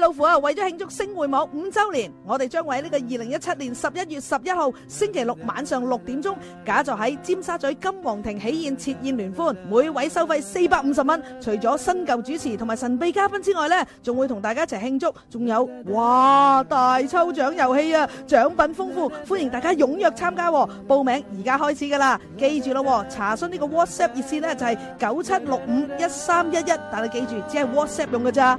老虎啊，為咗慶祝星匯網五周年，我哋將會喺呢個二零一七年十一月十一號星期六晚上六點鐘，假座喺尖沙咀金皇庭喜宴設宴聯歡，每位收費四百五十蚊。除咗新舊主持同埋神秘嘉賓之外咧，仲會同大家一齊慶祝。仲有哇大抽獎遊戲啊，獎品豐富，歡迎大家踴躍參加。報名而家開始噶啦，記住咯，查詢呢個 WhatsApp 熱線咧就係九七六五一三一一，但係記住只係 WhatsApp 用噶咋。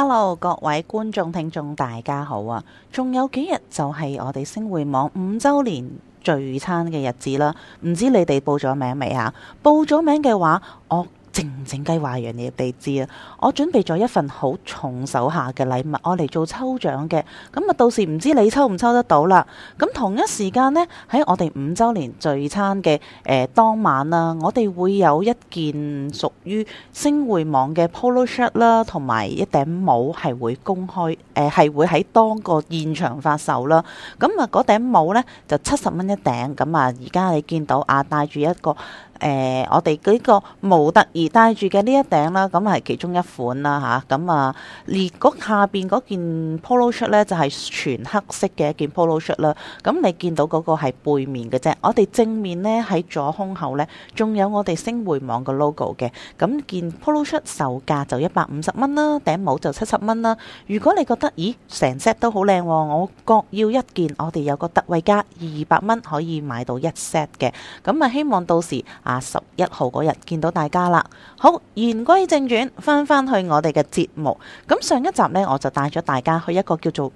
Hello，各位觀眾聽眾大家好啊！仲有幾日就係我哋星匯網五周年聚餐嘅日子啦，唔知你哋報咗名未啊？報咗名嘅話，我。靜靜雞話完你哋知啊。我準備咗一份好重手下嘅禮物，我嚟做抽獎嘅，咁啊，到時唔知你抽唔抽得到啦。咁同一時間呢，喺我哋五周年聚餐嘅誒當晚啦，我哋會有一件屬於星匯網嘅 polo shirt 啦，同埋一頂帽係會公開，誒係會喺當個現場發售啦。咁啊嗰頂帽呢，就七十蚊一頂，咁啊，而家你見到啊戴住一個。誒、呃，我哋幾個模特兒戴住嘅呢一頂啦，咁係其中一款啦嚇。咁啊，而、啊、下邊嗰件 polo shirt 咧，就係、是、全黑色嘅一件 polo shirt 啦、啊。咁你見到嗰個係背面嘅啫，我哋正面呢，喺左胸口呢，仲有我哋星匯網嘅 logo 嘅。咁件 polo shirt 售價就一百五十蚊啦，頂帽就七十蚊啦。如果你覺得，咦，成 set 都好靚喎，我各要一件，我哋有個特惠價二百蚊可以買到一 set 嘅。咁啊，希望到時，八十一號嗰日見到大家啦，好，言歸正傳，翻返去我哋嘅節目。咁上一集呢，我就帶咗大家去一個叫做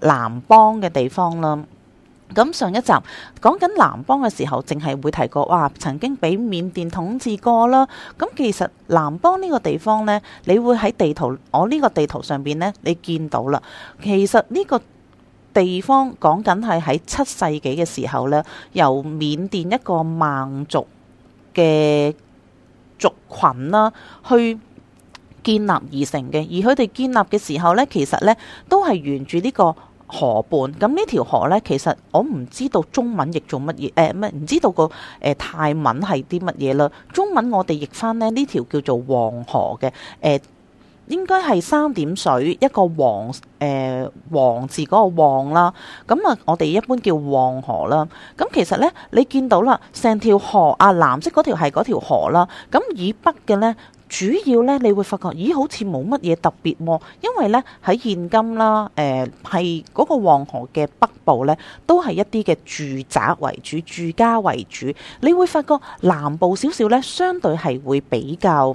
南邦嘅地方啦。咁上一集講緊南邦嘅時候，淨係會提過，哇，曾經俾緬甸統治過啦。咁其實南邦呢個地方呢，你會喺地圖，我呢個地圖上面呢，你見到啦。其實呢個地方講緊係喺七世紀嘅時候呢，由緬甸一個孟族，嘅族群啦，去建立而成嘅，而佢哋建立嘅時候咧，其實咧都係沿住呢個河畔。咁呢條河咧，其實我唔知道中文譯做乜嘢，誒、呃，唔知道個誒、呃、泰文係啲乜嘢啦。中文我哋譯翻咧，呢條叫做黃河嘅，誒、呃。應該係三點水一個王，誒、呃、王字嗰個王啦。咁啊，我哋一般叫王河啦。咁其實呢，你見到啦，成條河啊，藍色嗰條係嗰條河啦。咁以北嘅呢，主要呢，你會發覺，咦，好似冇乜嘢特別喎、啊。因為呢，喺現今啦，誒係嗰個王河嘅北部呢，都係一啲嘅住宅為主、住家為主。你會發覺南部少少呢，相對係會比較。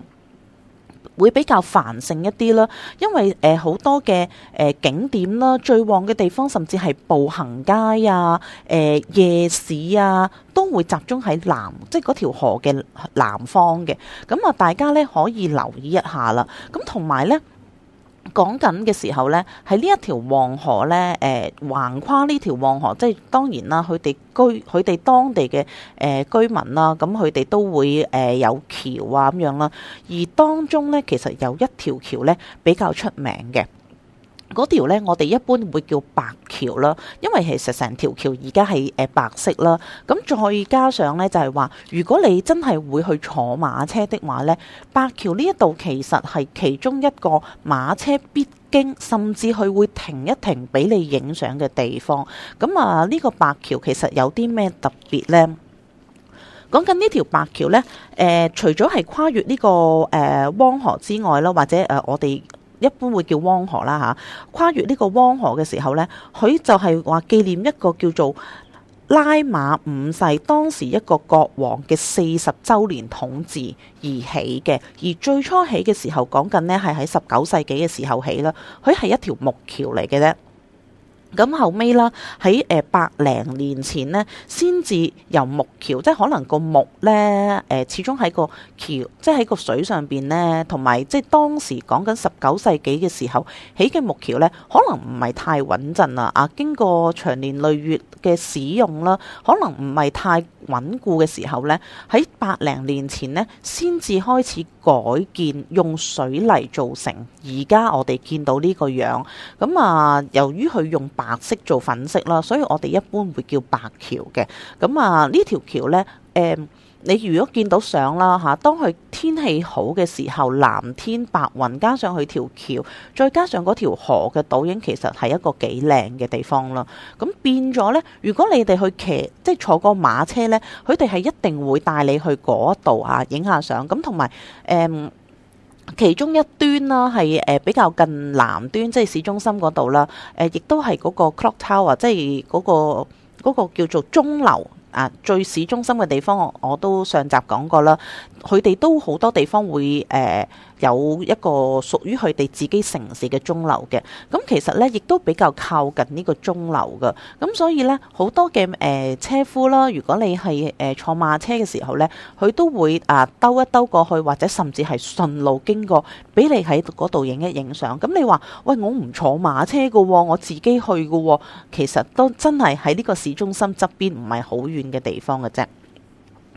會比較繁盛一啲啦，因為誒好、呃、多嘅誒、呃、景點啦，最旺嘅地方甚至係步行街啊、誒、呃、夜市啊，都會集中喺南，即係嗰條河嘅南方嘅。咁啊，大家咧可以留意一下啦。咁同埋咧。講緊嘅時候呢，喺呢一條黃河呢，誒、呃、橫跨呢條黃河，即係當然啦，佢哋居佢哋當地嘅誒、呃、居民啦，咁佢哋都會誒、呃、有橋啊咁樣啦，而當中呢，其實有一條橋呢，比較出名嘅。嗰條呢，我哋一般會叫白橋啦，因為其實成條橋而家係誒白色啦。咁再加上呢，就係話，如果你真係會去坐馬車的話呢，白橋呢一度其實係其中一個馬車必經，甚至佢會停一停俾你影相嘅地方。咁啊，呢個白橋其實有啲咩特別呢？講緊呢條白橋呢，誒，除咗係跨越呢個誒汪河之外啦，或者誒我哋。一般會叫汪河啦嚇，跨越呢個汪河嘅時候，呢佢就係話紀念一個叫做拉瑪五世當時一個國王嘅四十週年統治而起嘅，而最初起嘅時候講緊呢係喺十九世紀嘅時候起啦，佢係一條木橋嚟嘅啫。咁後尾啦，喺誒百零年前呢，先至由木橋，即係可能個木咧誒，始終喺個橋，即係喺個水上邊咧，同埋即係當時講緊十九世紀嘅時候，起嘅木橋咧，可能唔係太穩陣啦啊！經過長年累月嘅使用啦，可能唔係太穩固嘅時候咧，喺百零年前咧，先至開始，改建用水泥做成，而家我哋見到呢個樣。咁啊，由於佢用白色做粉色啦，所以我哋一般會叫白橋嘅。咁啊，呢條橋咧，誒、嗯。你如果見到相啦嚇，當佢天氣好嘅時候，藍天白雲加上佢條橋，再加上嗰條河嘅倒影，其實係一個幾靚嘅地方啦。咁變咗呢，如果你哋去騎，即係坐個馬車呢，佢哋係一定會帶你去嗰度啊，影下相。咁同埋誒，其中一端啦，係誒比較近南端，即係市中心嗰度啦。誒，亦都係嗰個 clock tower，即係嗰個嗰個叫做鐘樓。啊！最市中心嘅地方，我，我都上集講過啦，佢哋都好多地方會誒。呃有一個屬於佢哋自己城市嘅鐘樓嘅，咁其實呢，亦都比較靠近呢個鐘樓㗎，咁所以呢，好多嘅誒、呃、車夫啦，如果你係誒、呃、坐馬車嘅時候呢，佢都會啊兜一兜過去，或者甚至係順路經過，俾你喺嗰度影一影相。咁你話喂，我唔坐馬車㗎、哦，我自己去㗎、哦，其實都真係喺呢個市中心側邊唔係好遠嘅地方嘅啫。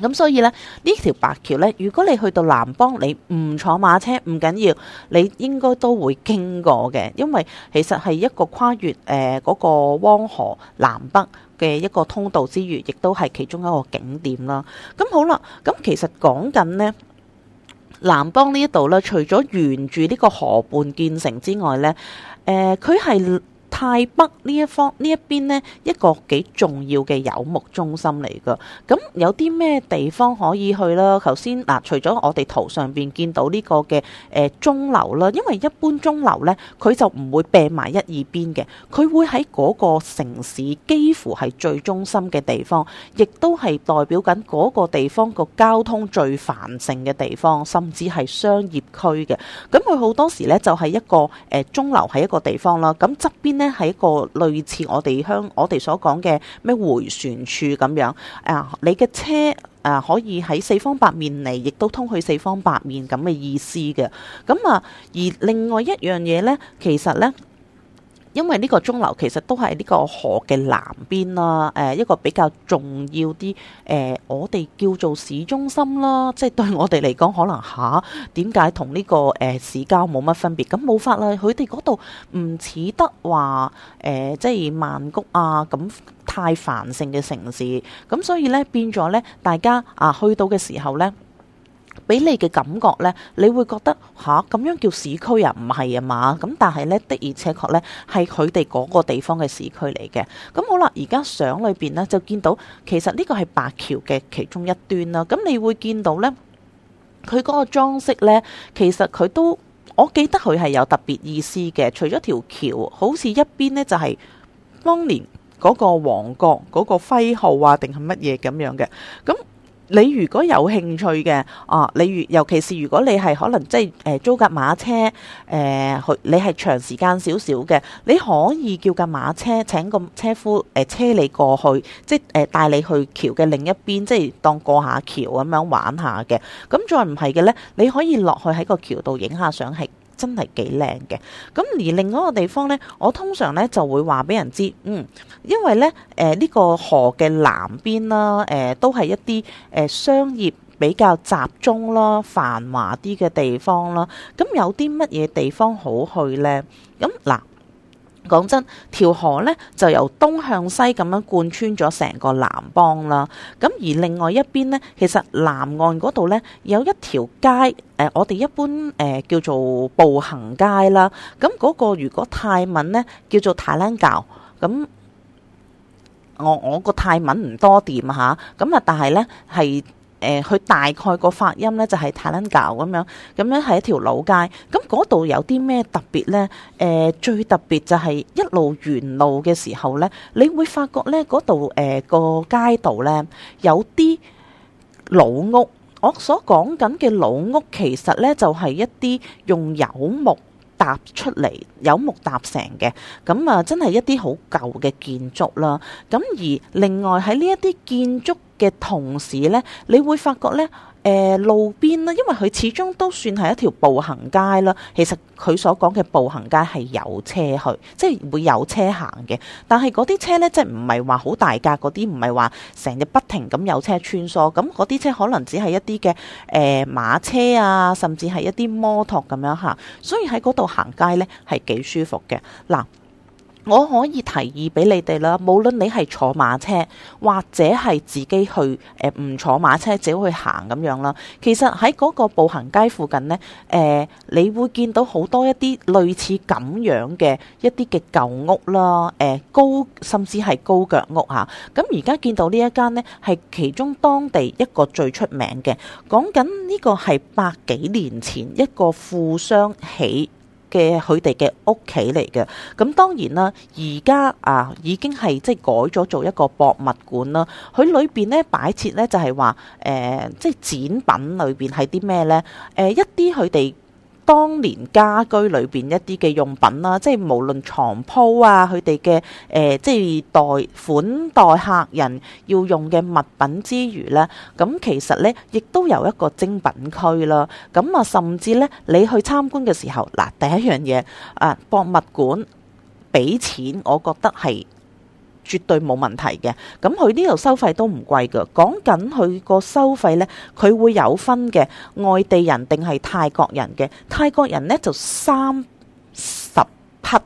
咁所以咧呢條白橋呢，如果你去到南邦，你唔坐馬車，唔緊要，你應該都會經過嘅，因為其實係一個跨越誒嗰、呃那個汪河南北嘅一個通道之餘，亦都係其中一個景點啦。咁好啦，咁其實講緊呢，南邦呢一度呢，除咗沿住呢個河畔建成之外呢，誒、呃，佢係。泰北呢一方一呢一邊咧，一個幾重要嘅遊牧中心嚟噶。咁有啲咩地方可以去啦？頭先嗱，除咗我哋圖上邊見到呢個嘅誒鐘樓啦，因為一般鐘樓咧，佢就唔會掟埋一二邊嘅，佢會喺嗰個城市幾乎係最中心嘅地方，亦都係代表緊嗰個地方個交通最繁盛嘅地方，甚至係商業區嘅。咁佢好多時咧就係、是、一個誒鐘樓喺一個地方啦。咁側邊咧。係一個類似我哋香，我哋所講嘅咩回旋處咁樣，誒、啊，你嘅車誒、啊、可以喺四方八面嚟，亦都通去四方八面咁嘅意思嘅。咁啊，而另外一樣嘢咧，其實咧。因為呢個鐘樓其實都係呢個河嘅南邊啦，誒一個比較重要啲，誒、呃、我哋叫做市中心啦，即係對我哋嚟講，可能吓點解同呢個誒、呃、市郊冇乜分別？咁冇法啦，佢哋嗰度唔似得話誒，即係曼谷啊咁太繁盛嘅城市，咁所以咧變咗咧，大家啊去到嘅時候咧。俾你嘅感覺呢你會覺得吓，咁樣叫市區啊？唔係啊嘛。咁但係呢的而且確呢係佢哋嗰個地方嘅市區嚟嘅。咁好啦，而家相裏邊呢就見到，其實呢個係白橋嘅其中一端啦。咁你會見到呢佢嗰個裝飾呢，其實佢都我記得佢係有特別意思嘅。除咗條橋，好似一邊呢就係當年嗰個王國嗰個徽號啊，定係乜嘢咁樣嘅咁。你如果有興趣嘅，哦、啊，你如尤，尤其是如果你係可能即係誒租架馬車，誒、呃、去你係長時間少少嘅，你可以叫架馬車請個車夫誒、呃、車你過去，即係誒帶你去橋嘅另一邊，即係當過下橋咁樣玩下嘅。咁再唔係嘅呢，你可以落去喺個橋度影下相，係。真係幾靚嘅，咁而另外一個地方呢，我通常呢就會話俾人知，嗯，因為呢，誒、呃、呢、呢個河嘅南邊啦，誒、呃、都係一啲誒、呃、商業比較集中啦、繁華啲嘅地方啦，咁有啲乜嘢地方好去呢？咁嗱。講真，條河咧就由東向西咁樣貫穿咗成個南邦啦。咁而另外一邊呢，其實南岸嗰度呢有一條街，誒、呃、我哋一般誒、呃、叫做步行街啦。咁嗰個如果泰文呢，叫做泰蘭教。咁我我個泰文唔多掂嚇。咁啊，但係呢係。誒，佢、呃、大概個發音咧就係泰蘭教咁樣，咁樣係一條老街。咁嗰度有啲咩特別呢？誒、呃，最特別就係一路沿路嘅時候呢，你會發覺呢嗰度誒個街道呢，有啲老屋。我所講緊嘅老屋其實呢就係、是、一啲用柚木搭出嚟、柚木搭成嘅。咁啊，真係一啲好舊嘅建築啦。咁而另外喺呢一啲建築嘅同時咧，你會發覺咧，誒、呃、路邊咧，因為佢始終都算係一條步行街啦。其實佢所講嘅步行街係有車去，即係會有車行嘅。但係嗰啲車咧，即係唔係話好大架嗰啲，唔係話成日不停咁有車穿梭。咁嗰啲車可能只係一啲嘅誒馬車啊，甚至係一啲摩托咁樣行。所以喺嗰度行街咧係幾舒服嘅。嗱。我可以提議俾你哋啦，無論你係坐馬車或者係自己去，誒、呃、唔坐馬車自己去行咁樣啦。其實喺嗰個步行街附近呢，誒、呃，你會見到好多一啲類似咁樣嘅一啲嘅舊屋啦，誒、呃、高甚至係高腳屋嚇。咁而家見到呢一間呢，係其中當地一個最出名嘅。講緊呢個係百幾年前一個富商起嘅佢哋嘅屋企嚟嘅，咁當然啦，而家啊已經係即係改咗做一個博物館啦。佢裏邊咧擺設咧就係話誒，即係展品裏邊係啲咩咧？誒、呃、一啲佢哋。當年家居裏邊一啲嘅用品啦，即係無論床鋪啊，佢哋嘅誒，即係代款待客人要用嘅物品之餘呢，咁其實呢，亦都有一個精品區啦。咁啊，甚至呢，你去參觀嘅時候，嗱，第一樣嘢啊，博物館俾錢，我覺得係。絕對冇問題嘅，咁佢呢度收費都唔貴㗎，講緊佢個收費呢，佢會有分嘅，外地人定係泰國人嘅，泰國人呢，就三十匹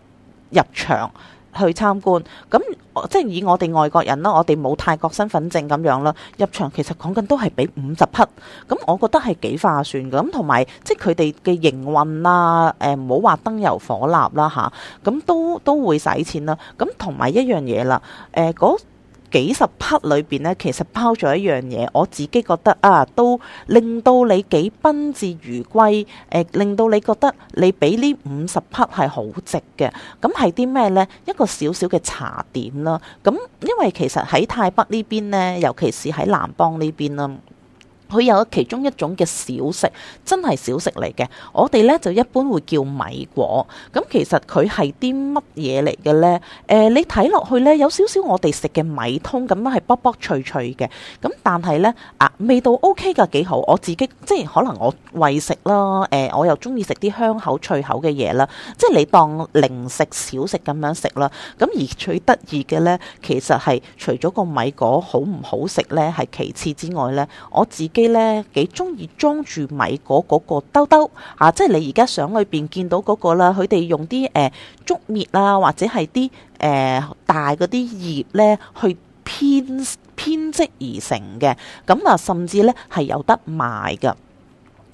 入場。去參觀，咁即係以我哋外國人啦，我哋冇泰國身份證咁樣啦，入場其實講緊都係俾五十匹，咁我覺得係幾劃算嘅，咁同埋即係佢哋嘅營運啦，誒，唔好話燈油火蠟啦吓，咁都都會使錢啦，咁同埋一樣嘢啦，誒、呃幾十匹裏邊咧，其實包咗一樣嘢，我自己覺得啊，都令到你幾賓至如歸，誒、呃，令到你覺得你俾呢五十匹係好值嘅。咁係啲咩呢？一個小小嘅茶點啦。咁因為其實喺泰北呢邊呢，尤其是喺南邦呢邊啦。佢有其中一種嘅小食，真係小食嚟嘅。我哋咧就一般會叫米果。咁其實佢係啲乜嘢嚟嘅咧？誒、呃、你睇落去咧有少少我哋食嘅米通咁樣係卜卜脆脆嘅。咁但係咧啊，味道 OK 㗎，幾好。我自己即係可能我為食啦。誒、呃、我又中意食啲香口脆口嘅嘢啦。即係你當零食小食咁樣食啦。咁而最得意嘅咧，其實係除咗個米果好唔好食咧，係其次之外咧，我自己。咧幾中意裝住米果嗰個兜兜啊！即係你而家相裏邊見到嗰個啦，佢哋用啲誒、呃、竹篾啊，或者係啲誒大嗰啲葉咧去編編織而成嘅。咁啊，甚至咧係有得賣噶。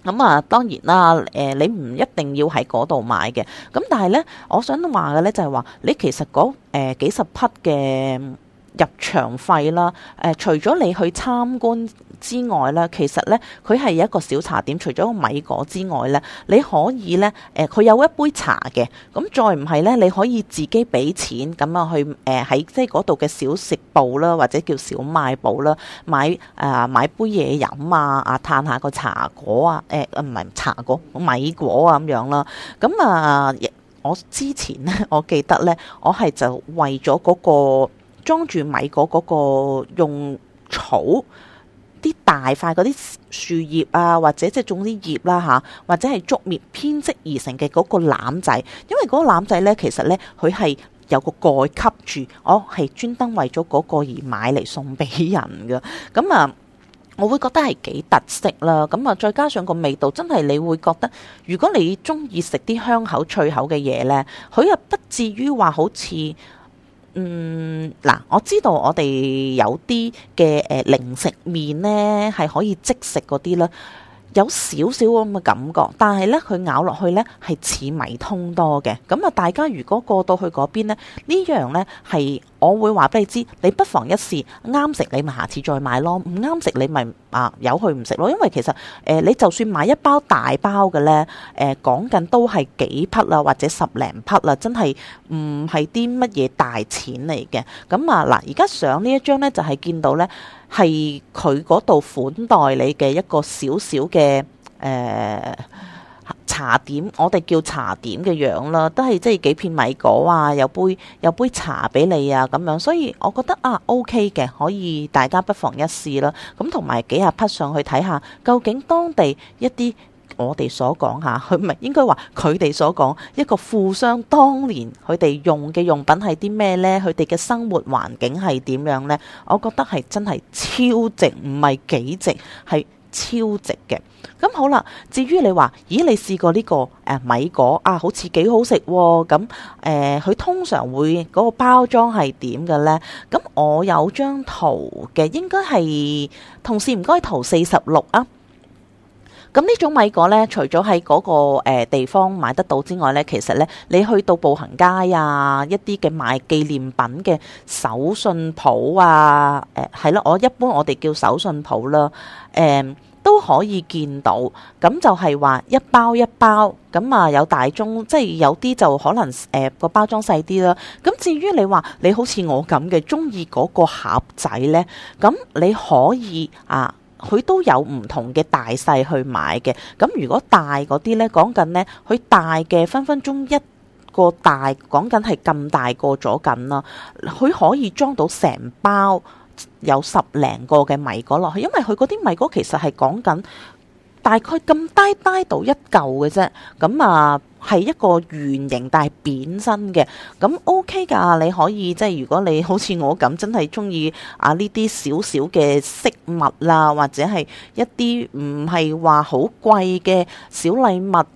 咁啊，當然啦，誒、呃，你唔一定要喺嗰度買嘅。咁、啊、但係咧，我想話嘅咧就係、是、話，你其實嗰誒、呃、幾十匹嘅。入場費啦，誒、呃，除咗你去參觀之外咧，其實咧佢係一個小茶點，除咗個米果之外咧，你可以咧誒，佢、呃、有一杯茶嘅，咁再唔係咧，你可以自己俾錢咁啊，去誒喺、呃、即係嗰度嘅小食部啦，或者叫小賣部啦，買啊、呃、買杯嘢飲啊，啊嘆下個茶果啊，誒唔係茶果米果啊咁樣啦，咁啊，我之前咧， 我記得咧，我係就為咗嗰、那個。裝住米果嗰個用草、啲大塊嗰啲樹葉啊，或者即係種啲葉啦吓，或者係竹篾編織而成嘅嗰個籃仔，因為嗰個籃仔咧，其實咧佢係有個蓋吸住，我係專登為咗嗰個而買嚟送俾人㗎。咁啊，我會覺得係幾特色啦。咁啊，再加上個味道，真係你會覺得，如果你中意食啲香口脆口嘅嘢咧，佢又不至於話好似。嗯，嗱，我知道我哋有啲嘅誒零食麵呢，係可以即食嗰啲啦，有少少咁嘅感覺，但係呢，佢咬落去呢，係似米通多嘅，咁啊，大家如果過到去嗰邊呢，呢樣呢係。我會話俾你知，你不妨一試，啱食你咪下次再買咯；唔啱食，你咪啊由佢唔食咯。因為其實誒、呃，你就算買一包大包嘅呢，誒講緊都係幾匹啦，或者十零匹啦，真係唔係啲乜嘢大錢嚟嘅。咁啊嗱，而家上呢一張呢，就係、是、見到呢係佢嗰度款待你嘅一個小小嘅誒。呃茶點，我哋叫茶點嘅樣啦，都係即係幾片米果啊，有杯有杯茶俾你啊，咁樣，所以我覺得啊，OK 嘅，可以大家不妨一試啦。咁同埋幾下匹上去睇下，究竟當地一啲我哋所講下，佢唔係應該話佢哋所講一個富商當年佢哋用嘅用品係啲咩呢？佢哋嘅生活環境係點樣呢？我覺得係真係超值，唔係幾值係。超值嘅咁好啦。至於你話，咦？你試過呢個誒米果啊，好似幾好食咁誒？佢、呃、通常會嗰、嗰個包裝係點嘅呢？咁我有張圖嘅，應該係同事唔該，圖四十六啊。咁呢、嗯、種米果咧，除咗喺嗰個、呃、地方買得到之外咧，其實咧，你去到步行街啊，一啲嘅賣紀念品嘅手信鋪啊，誒係啦，我一般我哋叫手信鋪啦，誒、呃、都可以見到。咁、嗯、就係、是、話一包一包，咁、嗯、啊有大中，即係有啲就可能誒個、呃、包裝細啲啦。咁、嗯、至於你話你好似我咁嘅，中意嗰個盒仔咧，咁、嗯、你可以啊。佢都有唔同嘅大細去買嘅，咁如果大嗰啲呢，講緊呢，佢大嘅分分鐘一個大，講緊係咁大個咗緊啦，佢可以裝到成包有十零個嘅米果落去，因為佢嗰啲米果其實係講緊。大概咁低低到一嚿嘅啫，咁啊係一個圓形，但係扁身嘅，咁 OK 噶，你可以即係如果你好似我咁真係中意啊呢啲少少嘅飾物啦、啊，或者係一啲唔係話好貴嘅小禮物。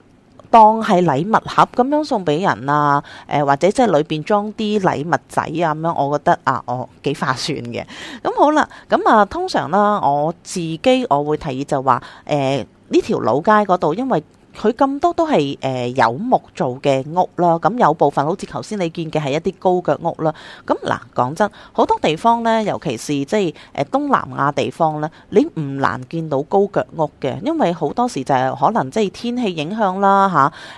當係禮物盒咁樣送俾人啊！誒、呃、或者即係裏邊裝啲禮物仔啊咁樣，我覺得啊，我幾劃算嘅。咁好啦，咁啊通常啦，我自己我會提議就話誒呢條老街嗰度，因為，佢咁多都係誒、呃、有木做嘅屋啦，咁有部分好似頭先你見嘅係一啲高腳屋啦。咁嗱，講真，好多地方咧，尤其是即係誒東南亞地方咧，你唔難見到高腳屋嘅，因為好多時就係可能氣、啊呃、即係天氣影響啦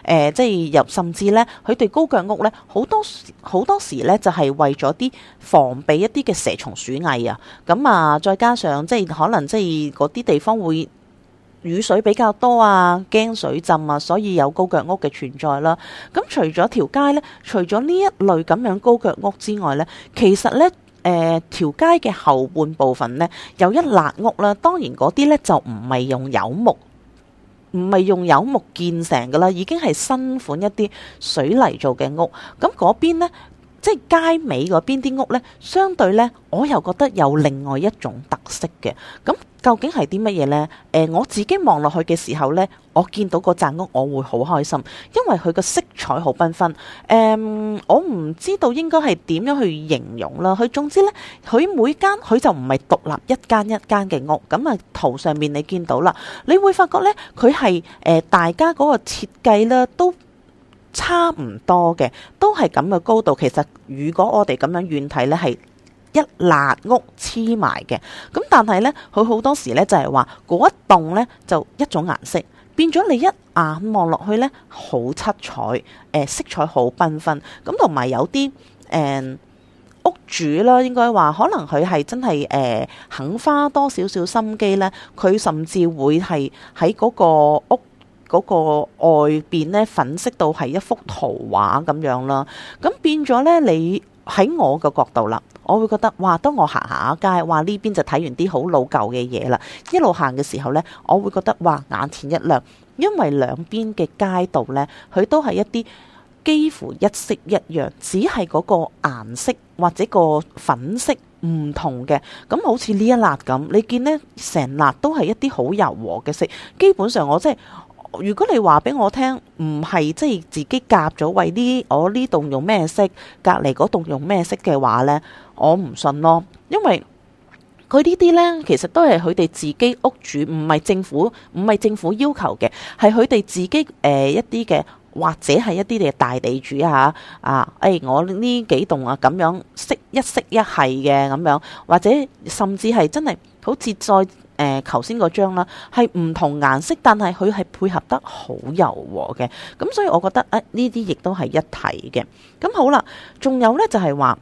吓，誒即係又甚至咧，佢哋高腳屋咧好多好多時咧就係、是、為咗啲防備一啲嘅蛇蟲鼠蟻啊，咁啊，再加上即係可能即係嗰啲地方會。雨水比較多啊，驚水浸啊，所以有高腳屋嘅存在啦。咁除咗條街呢，除咗呢一類咁樣高腳屋之外呢，其實呢誒、呃、條街嘅後半部分呢，有一辣屋啦。當然嗰啲呢就唔係用柚木，唔係用柚木建成噶啦，已經係新款一啲水泥做嘅屋。咁嗰邊呢？即係街尾嗰邊啲屋呢，相對呢，我又覺得有另外一種特色嘅。咁、嗯、究竟係啲乜嘢呢？誒、呃，我自己望落去嘅時候呢，我見到個棟屋，我會好開心，因為佢個色彩好繽紛。誒、嗯，我唔知道應該係點樣去形容啦。佢總之呢，佢每間佢就唔係獨立一間一間嘅屋。咁、嗯、啊，圖上面你見到啦？你會發覺呢，佢係誒大家嗰個設計呢，都，差唔多嘅，都係咁嘅高度。其實如果我哋咁樣遠睇咧，係一辣屋黐埋嘅。咁但係咧，佢好多時咧就係話嗰一棟咧就一種顏色，變咗你一眼望落去咧好七彩，誒色彩好繽紛，咁同埋有啲誒、呃、屋主啦，應該話可能佢係真係誒、呃、肯花多少少心機咧，佢甚至會係喺嗰個屋。嗰個外邊咧粉飾到係一幅圖畫咁樣啦，咁變咗咧，你喺我嘅角度啦，我會覺得哇！當我行下街，哇，呢邊就睇完啲好老舊嘅嘢啦，一路行嘅時候咧，我會覺得哇，眼前一亮，因為兩邊嘅街道咧，佢都係一啲幾乎一色一樣，只係嗰個顏色或者個粉色唔同嘅，咁好似呢一辣咁，你見呢成辣都係一啲好柔和嘅色，基本上我即係。如果你話俾我聽，唔係即係自己夾咗為呢。我呢棟用咩色，隔籬嗰棟用咩色嘅話呢？我唔信咯，因為佢呢啲呢，其實都係佢哋自己屋主，唔係政府，唔係政府要求嘅，係佢哋自己誒、呃、一啲嘅，或者係一啲嘅大地主吓啊，誒、哎、我呢幾棟啊咁樣識一識一係嘅咁樣，或者甚至係真係好似再……誒，頭先嗰張啦，係唔同顏色，但係佢係配合得好柔和嘅，咁所以我覺得誒呢啲亦都係一體嘅。咁好啦，仲有呢就係話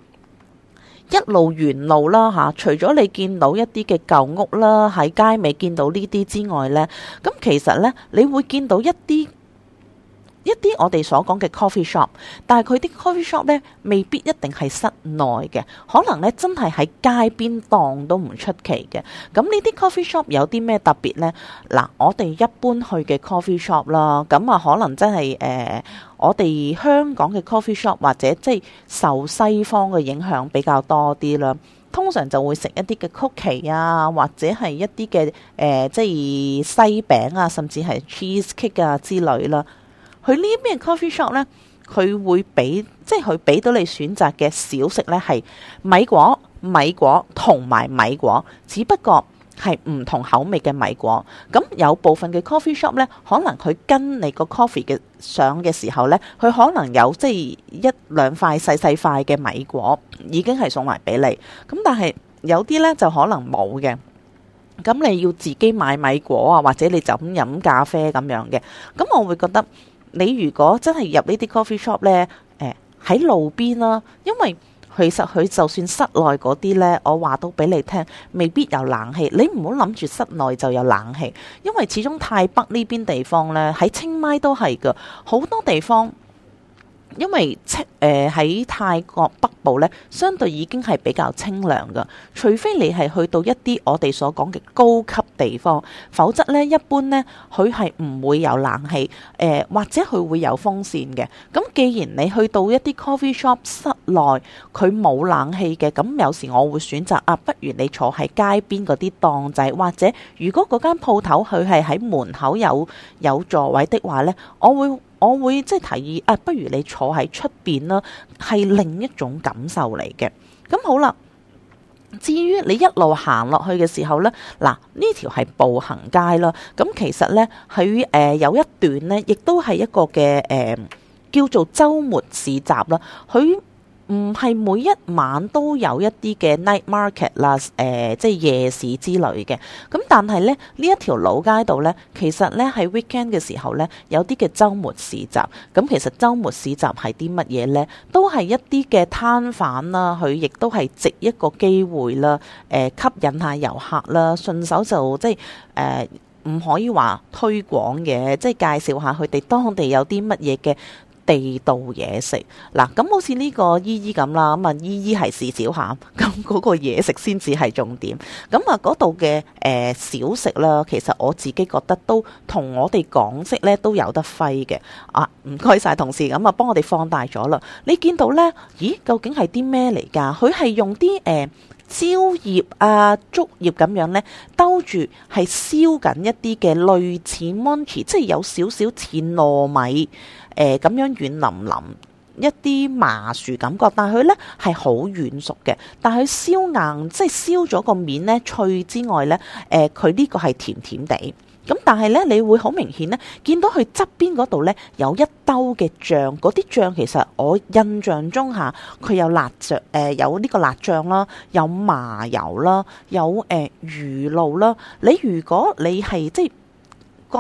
一路沿路啦吓，啊，除咗你見到一啲嘅舊屋啦，喺街尾見到呢啲之外呢，咁其實呢，你會見到一啲。一啲我哋所講嘅 coffee shop，但係佢啲 coffee shop 咧，未必一定係室內嘅，可能咧真係喺街邊檔都唔出奇嘅。咁呢啲 coffee shop 有啲咩特別咧？嗱，我哋一般去嘅 coffee shop 啦，咁啊可能真係誒、呃、我哋香港嘅 coffee shop 或者即係受西方嘅影響比較多啲啦。通常就會食一啲嘅曲奇啊，或者係一啲嘅誒即係西餅啊，甚至係 cheese cake 啊之類啦。佢呢邊 coffee shop 咧，佢會俾，即係佢俾到你選擇嘅小食咧，係米果、米果同埋米果，只不過係唔同口味嘅米果。咁有部分嘅 coffee shop 咧，可能佢跟你個 coffee 嘅上嘅時候咧，佢可能有即係一兩塊細細塊嘅米果已經係送埋俾你。咁但係有啲咧就可能冇嘅，咁你要自己買米果啊，或者你就咁飲咖啡咁樣嘅。咁我會覺得。你如果真係入呢啲 coffee shop 呢，喺、哎、路邊啦、啊，因為其實佢就算室內嗰啲呢，我話都俾你聽，未必有冷氣。你唔好諗住室內就有冷氣，因為始終泰北呢邊地方呢，喺清邁都係㗎，好多地方。因為清喺、呃、泰國北部咧，相對已經係比較清涼噶。除非你係去到一啲我哋所講嘅高級地方，否則咧一般咧佢係唔會有冷氣誒、呃，或者佢會有風扇嘅。咁既然你去到一啲 coffee shop 室內，佢冇冷氣嘅，咁有時我會選擇啊，不如你坐喺街邊嗰啲檔仔，或者如果嗰間鋪頭佢係喺門口有有座位的話咧，我會。我會即係提議，啊，不如你坐喺出邊啦，係另一種感受嚟嘅。咁好啦，至於你一路行落去嘅時候呢，嗱，呢條係步行街啦，咁其實呢，佢誒有一段呢，亦都係一個嘅誒叫做周末市集啦，佢。唔係每一晚都有一啲嘅 night market 啦，誒，即係夜市之類嘅。咁但係咧，呢一條老街道呢，其實呢喺 weekend 嘅時候呢，有啲嘅周末市集。咁其實周末市集係啲乜嘢呢？都係一啲嘅攤販啦，佢亦都係藉一個機會啦，誒、呃，吸引下遊客啦，順手就即係誒，唔、呃、可以話推廣嘅，即係介紹下佢哋當地有啲乜嘢嘅。地道嘢食嗱，咁好似呢個姨姨咁啦，咁啊姨姨係試小下，咁嗰個嘢食先至係重點。咁啊嗰度嘅誒小食啦，其實我自己覺得都同我哋港式咧都有得揮嘅啊！唔該晒同事，咁啊幫我哋放大咗啦，你見到咧？咦，究竟係啲咩嚟㗎？佢係用啲誒，呃蕉葉啊、竹葉咁樣呢，兜住係燒緊一啲嘅類似 monkey，即係有少少似糯米誒咁樣軟腍腍一啲麻薯感覺，但係佢呢係好軟熟嘅，但佢燒硬即係燒咗個面呢脆之外呢，誒佢呢個係甜甜地。咁但係咧，你會好明顯咧，見到佢側邊嗰度咧有一兜嘅醬，嗰啲醬其實我印象中嚇佢有辣醬，誒、呃、有呢個辣醬啦，有麻油啦，有誒、呃、魚露啦。你如果你係即係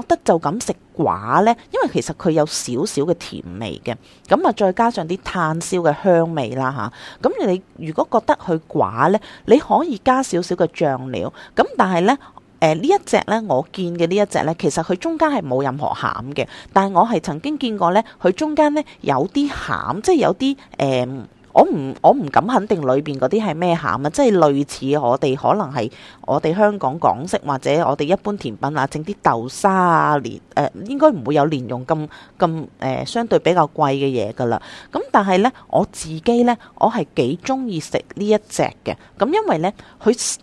覺得就咁食寡咧，因為其實佢有少少嘅甜味嘅，咁啊再加上啲炭燒嘅香味啦嚇。咁、啊、你如果覺得佢寡咧，你可以加少少嘅醬料。咁但係咧。誒呢、呃、一隻咧，我見嘅呢一隻咧，其實佢中間係冇任何餡嘅。但係我係曾經見過咧，佢中間咧有啲餡，即係有啲誒、呃，我唔我唔敢肯定裏邊嗰啲係咩餡啊，即係類似我哋可能係我哋香港港式或者我哋一般甜品啊，整啲豆沙啊蓮誒，應該唔會有蓮蓉咁咁誒，相對比較貴嘅嘢㗎喇。咁但係咧，我自己咧，我係幾鍾意食呢一隻嘅。咁因為咧，佢。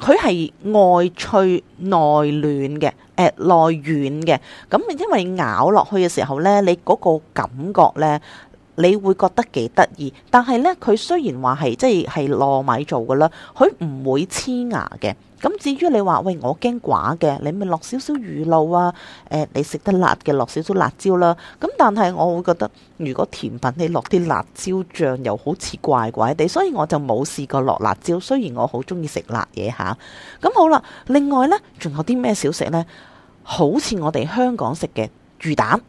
佢係外脆內嫩嘅，誒、呃、內軟嘅，咁因為咬落去嘅時候咧，你嗰個感覺咧。你會覺得幾得意，但係呢，佢雖然話係即係係糯米做嘅啦，佢唔會黐牙嘅。咁至於你話喂，我驚寡嘅，你咪落少少魚露啊，呃、你食得辣嘅落少少辣椒啦。咁但係我會覺得，如果甜品你落啲辣椒醬，又好似怪怪地，所以我就冇試過落辣椒。雖然我、啊、好中意食辣嘢嚇。咁好啦，另外呢，仲有啲咩小食呢？好似我哋香港食嘅魚蛋。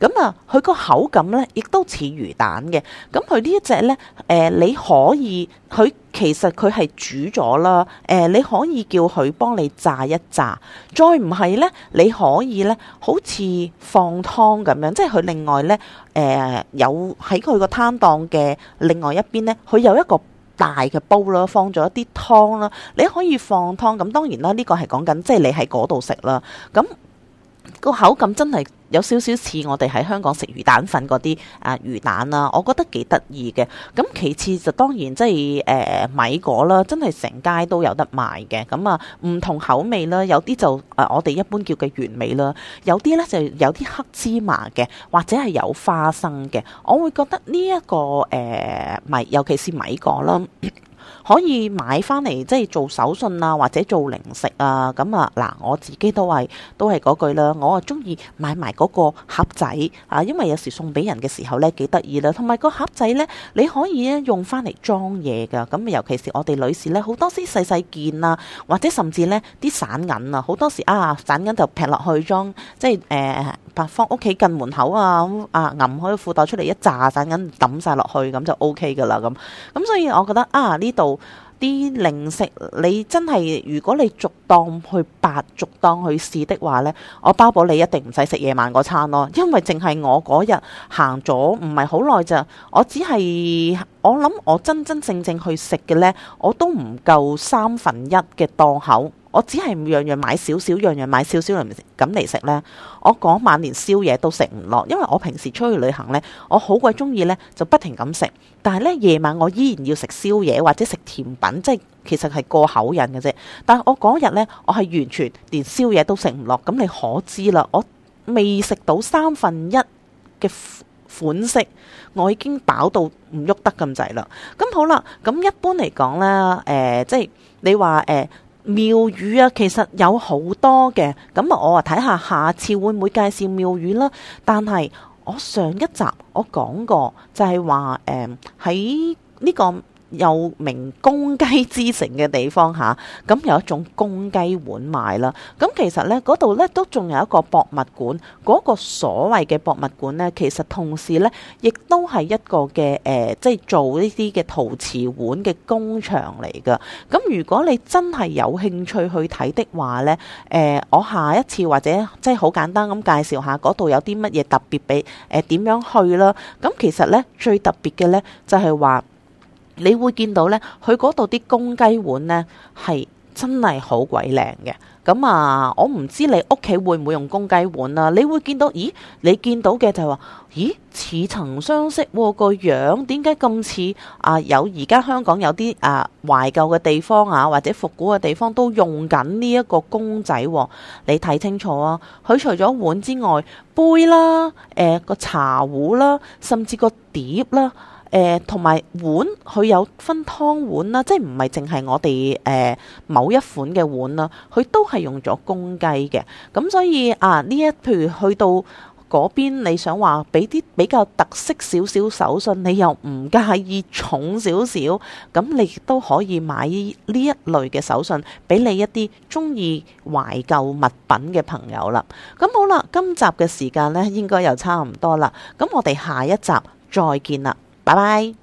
咁啊，佢個、嗯、口感咧，亦都似魚蛋嘅。咁、嗯、佢呢一隻咧，誒、呃、你可以，佢其實佢係煮咗啦。誒、呃、你可以叫佢幫你炸一炸，再唔係咧，你可以咧，好似放湯咁樣，即係佢另外咧，誒、呃、有喺佢個攤檔嘅另外一邊咧，佢有一個大嘅煲啦，放咗一啲湯啦，你可以放湯。咁、嗯、當然啦，呢個係講緊即係你喺嗰度食啦。咁、嗯、個口感真係～有少少似我哋喺香港食魚蛋粉嗰啲啊魚蛋啦，我覺得幾得意嘅。咁其次就當然即係誒米果啦，真係成街都有得賣嘅。咁啊，唔同口味啦，有啲就誒、呃、我哋一般叫嘅原味啦，有啲咧就有啲黑芝麻嘅，或者係有花生嘅。我會覺得呢、這、一個誒、呃、米，尤其是米果啦。 可以買翻嚟即係做手信啊，或者做零食啊。咁啊嗱，我自己都係都係嗰句啦。我啊中意買埋嗰個盒仔啊，因為有時送俾人嘅時候咧幾得意啦。同埋個盒仔咧，你可以咧用翻嚟裝嘢噶。咁、啊、尤其是我哋女士咧，好多時細細件啊，或者甚至咧啲散銀啊，好多時啊散銀就劈落去裝，即係誒、啊、放屋企近門口啊咁啊，揜開褲袋出嚟一揸散銀抌晒落去，咁就 O K 噶啦咁。咁所以我覺得啊呢。度啲零食，你真係如果你逐檔去白逐檔去試的話呢，我包保你一定唔使食夜晚嗰餐咯，因為淨係我嗰日行咗唔係好耐咋，我只係我諗我真真正正去食嘅呢，我都唔夠三分一嘅檔口。我只係樣樣買少少，樣樣買少少嚟咁嚟食呢，我嗰晚連宵夜都食唔落，因為我平時出去旅行呢，我好鬼中意呢，就不停咁食。但係呢，夜晚我依然要食宵夜或者食甜品，即係其實係過口癮嘅啫。但係我嗰日呢，我係完全連宵夜都食唔落。咁你可知啦？我未食到三分一嘅款式，我已經飽到唔喐得咁滯啦。咁好啦，咁一般嚟講呢，誒、呃，即係你話誒。呃廟宇啊，其實有好多嘅，咁啊，我啊睇下下次會唔會介紹廟宇啦。但係我上一集我講過就，就係話誒喺呢個。有名公雞之城嘅地方吓，咁、嗯、有一種公雞碗賣啦。咁、嗯、其實咧，嗰度咧都仲有一個博物館。嗰、那個所謂嘅博物館咧，其實同時咧亦都係一個嘅誒、呃，即係做呢啲嘅陶瓷碗嘅工場嚟噶。咁、嗯、如果你真係有興趣去睇嘅話咧，誒、呃，我下一次或者即係好簡單咁介紹下嗰度有啲乜嘢特別俾誒點樣去啦。咁、嗯、其實咧最特別嘅咧就係、是、話。你會見到呢，佢嗰度啲公雞碗呢係真係好鬼靚嘅。咁啊，我唔知你屋企會唔會用公雞碗啊？你會見到，咦？你見到嘅就係、是、話，咦？似曾相識個、啊、樣，點解咁似啊？有而家香港有啲啊懷舊嘅地方啊，或者復古嘅地方都用緊呢一個公仔、啊。你睇清楚啊！佢除咗碗之外，杯啦、啊、誒、呃、個茶壺啦、啊，甚至個碟啦、啊。誒同埋碗，佢有分湯碗啦，即係唔係淨係我哋誒、呃、某一款嘅碗啦。佢都係用咗公雞嘅。咁所以啊，呢一譬如去到嗰邊，你想話俾啲比較特色少少手信，你又唔介意重少少，咁你亦都可以買呢一類嘅手信俾你一啲中意懷舊物品嘅朋友啦。咁好啦，今集嘅時間呢，應該又差唔多啦。咁我哋下一集再見啦。拜拜。